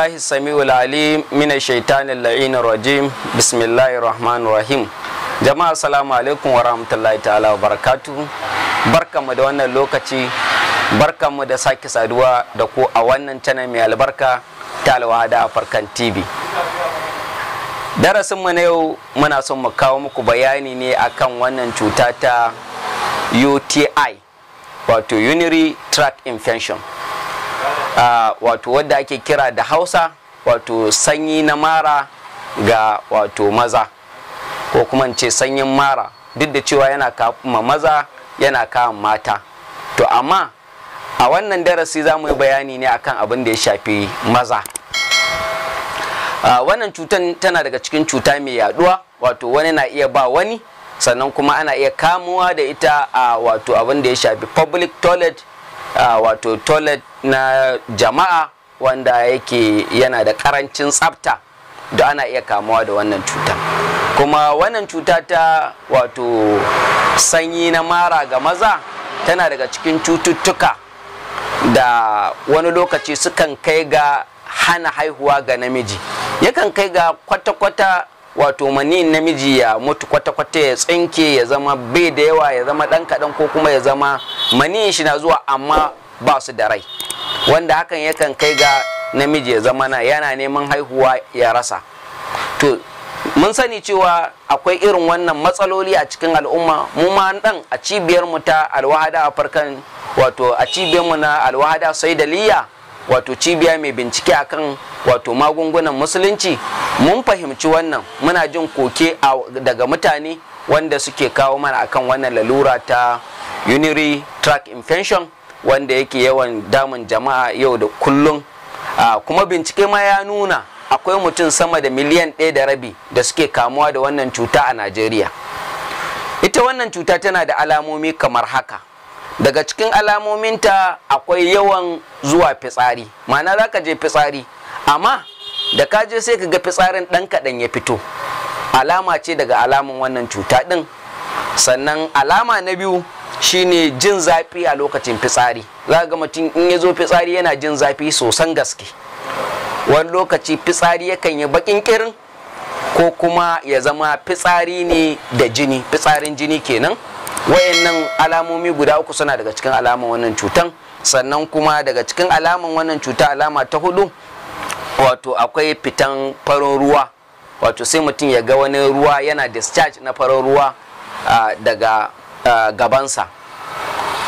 بالله السميع العليم من الشيطان اللعين الرجيم بسم jama'a assalamu alaikum wa rahmatullahi ta'ala wa barakatu barkanmu da wannan lokaci barkamu da sake saduwa da ku a wannan channel mai albarka ta alwada farkan tv darasinmu na yau muna son mu kawo muku bayani ne akan wannan cuta ta uti wato urinary tract infection Ah, wato wadda ake kira da hausa wato sanyi na mara ga wato maza ko kuma ce sanyin mara duk da cewa yana kama maza yana kama mata to amma a wannan darasi za mu yi bayani ne akan abin da ya shafi maza ah, wannan cutan tana daga cikin cuta mai yaduwa wato wani na iya ba wani sannan kuma ana iya kamuwa da ita a wato abin da ya shafi public toilet wato toilet na jama'a wanda yake yana da karancin tsafta da ana iya kamuwa da wannan cuta kuma wannan cuta ta wato sanyi na mara ga maza tana daga cikin cututtuka da wani lokaci sukan kai ga hana haihuwa ga namiji yakan kai ga kwata-kwata wato mani namiji ya mutu kwata-kwata ya tsinke ya zama bai da yawa ya zama ɗan kaɗan ko kuma ya zama maniyin shi na zuwa amma ba su da rai wanda hakan yakan kai ga namiji ya zama na yana neman haihuwa ya rasa to mun sani cewa akwai irin wannan matsaloli a cikin al'umma mu ma dan a cibiyar mu ta alwahada a farkan wato a cibiyar mu na alwahada sai daliya wato cibiya mai bincike akan wato magungunan musulunci mun fahimci wannan muna jin koke daga mutane wanda suke kawo mana akan wannan lalura ta urinary tract infection wanda yake yawan damun jama'a yau da kullum ah, kuma bincike ma ya nuna akwai mutum sama da miliyan ɗaya da rabi da suke kamuwa da wannan cuta a najeriya ita wannan cuta tana da alamomi kamar haka daga cikin alamominta akwai yawan zuwa fitsari ma'ana za ka je fitsari amma da ka je sai ka ga fitsarin ɗan kaɗan ya fito alama ce daga alamun wannan cuta ɗin sannan alama na biyu shine jin zafi a lokacin fitsari za ga mutum in ya zo fitsari yana jin zafi sosan gaske wani lokaci fitsari yakan yi bakin kirin ko kuma ya zama fitsari ne da jini fitsarin jini kenan wayannan alamomi guda uku suna daga cikin alaman wannan cutan sannan kuma daga cikin alaman wannan cuta alama ta hudu wato akwai fitan farin ruwa wato sai mutum ya ga wani ruwa yana discharge na farin ruwa ah, daga gabansa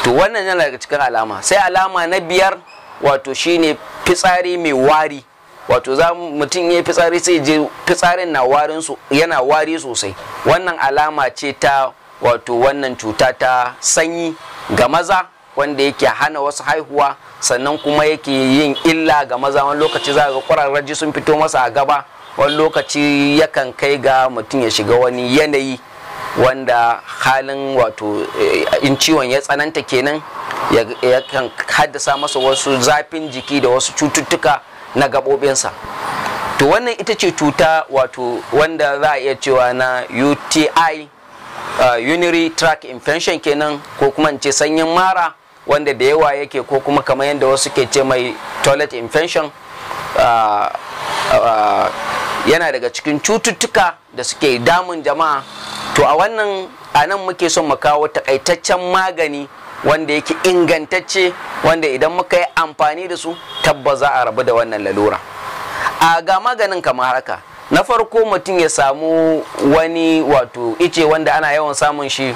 to wannan yana daga cikin alama sai alama na biyar wato shine fitsari mai wari wato za mutum ya fitsari sai je fitsarin na warin yana wari sosai wannan alama ce ta wato wannan cuta ta sanyi ga maza wanda yake hana wasu haihuwa sannan kuma yake yin illa ga maza wani lokaci za ga kwararraji sun fito masa a gaba wani lokaci yakan kai ga mutum ya shiga wani yanayi wanda halin wato eh, in ciwon ya tsananta kenan ya kan haddasa masa wasu zafin jiki da wasu cututtuka na gaɓoɓinsa to wannan ita ce cuta wato wanda za a iya cewa na uti uh, eh, track tract infection kenan ko kuma in ce sanyin mara wanda da yawa yake ko kuma kamar yadda wasu ke ce mai toilet infection eh, yana daga cikin cututtuka da suke damun jama'a to a wannan a muke son mu kawo takaitaccen magani wanda yake ingantacce wanda idan muka yi amfani da su tabbas za a rabu da wannan lalura a ga maganin kamar haka na farko mutum ya samu wani wato ice wanda ana yawan samun shi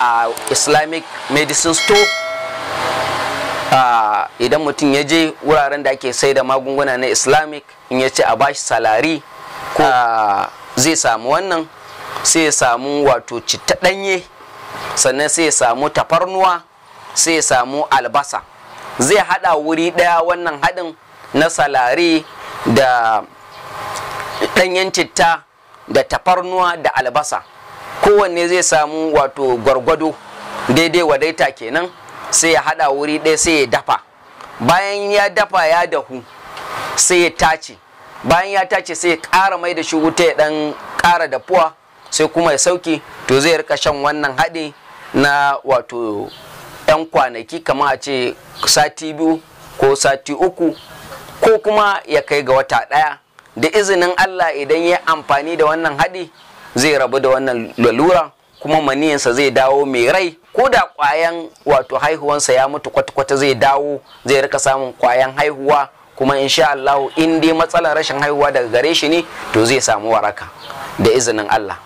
a islamic medicine store idan mutum ya je wuraren da ake sai da magunguna na islamic in ya ce a bashi salari ko zai samu wannan sai ya samu wato citta ɗanye sannan sai ya samu tafarnuwa sai ya samu albasa zai hada wuri ɗaya wannan haɗin na salari da ɗanyen citta da tafarnuwa da albasa kowanne zai samu wato gwargwado daidai wadaita kenan sai ya hada wuri ɗaya sai ya dafa bayan ya dafa ya dahu sai ya tace bayan ya tace sai ya ƙara mai da shi wuta ya ɗan ƙara dafuwa sai kuma ya sauke to zai rika shan wannan haɗi na wato 'yan kwanaki kamar a ce sati biyu ko sati uku ko kuma ya kai ga wata ɗaya da izinin Allah idan ya amfani da wannan haɗi zai rabu da wannan lalura kuma maniyansa zai dawo mai rai ko da ƙwayan wato haihuwansa ya mutu kwata-kwata zai dawo zai rika samun kwayan haihuwa kuma insha Allah in dai matsalar rashin haihuwa daga gare shi ne to zai samu waraka da izinin Allah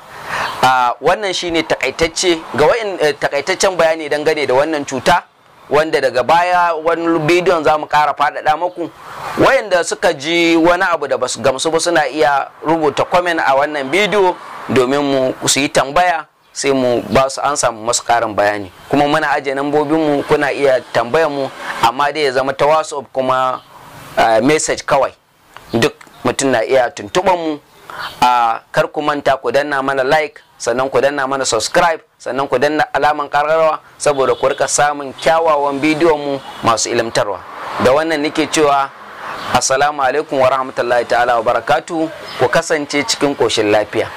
Uh, wannan shine takaitacce ga wain eh, takaitaccen bayani dangane da wannan cuta wanda daga baya wani bidiyon za mu ƙara faɗaɗa maku wayanda suka ji wani abu da basu gamsu ba suna iya rubuta kwamen a wannan bidiyo domin mu su yi tambaya sai mu ba su an samu masu karin bayani kuma muna ajiye mu, kuna iya tambayar mu amma dai ya zama ta whatsapp kuma message kawai duk mutum na iya tuntuɓar mu a kar ku manta ku danna mana like sannan ku danna mana subscribe sannan ku danna alaman kararrawa saboda ku rika samun kyawawan bidiyon mu masu ilimtarwa da wannan nake cewa assalamu alaikum wa rahmatullahi ta'ala wa barakatu ku kasance cikin koshin lafiya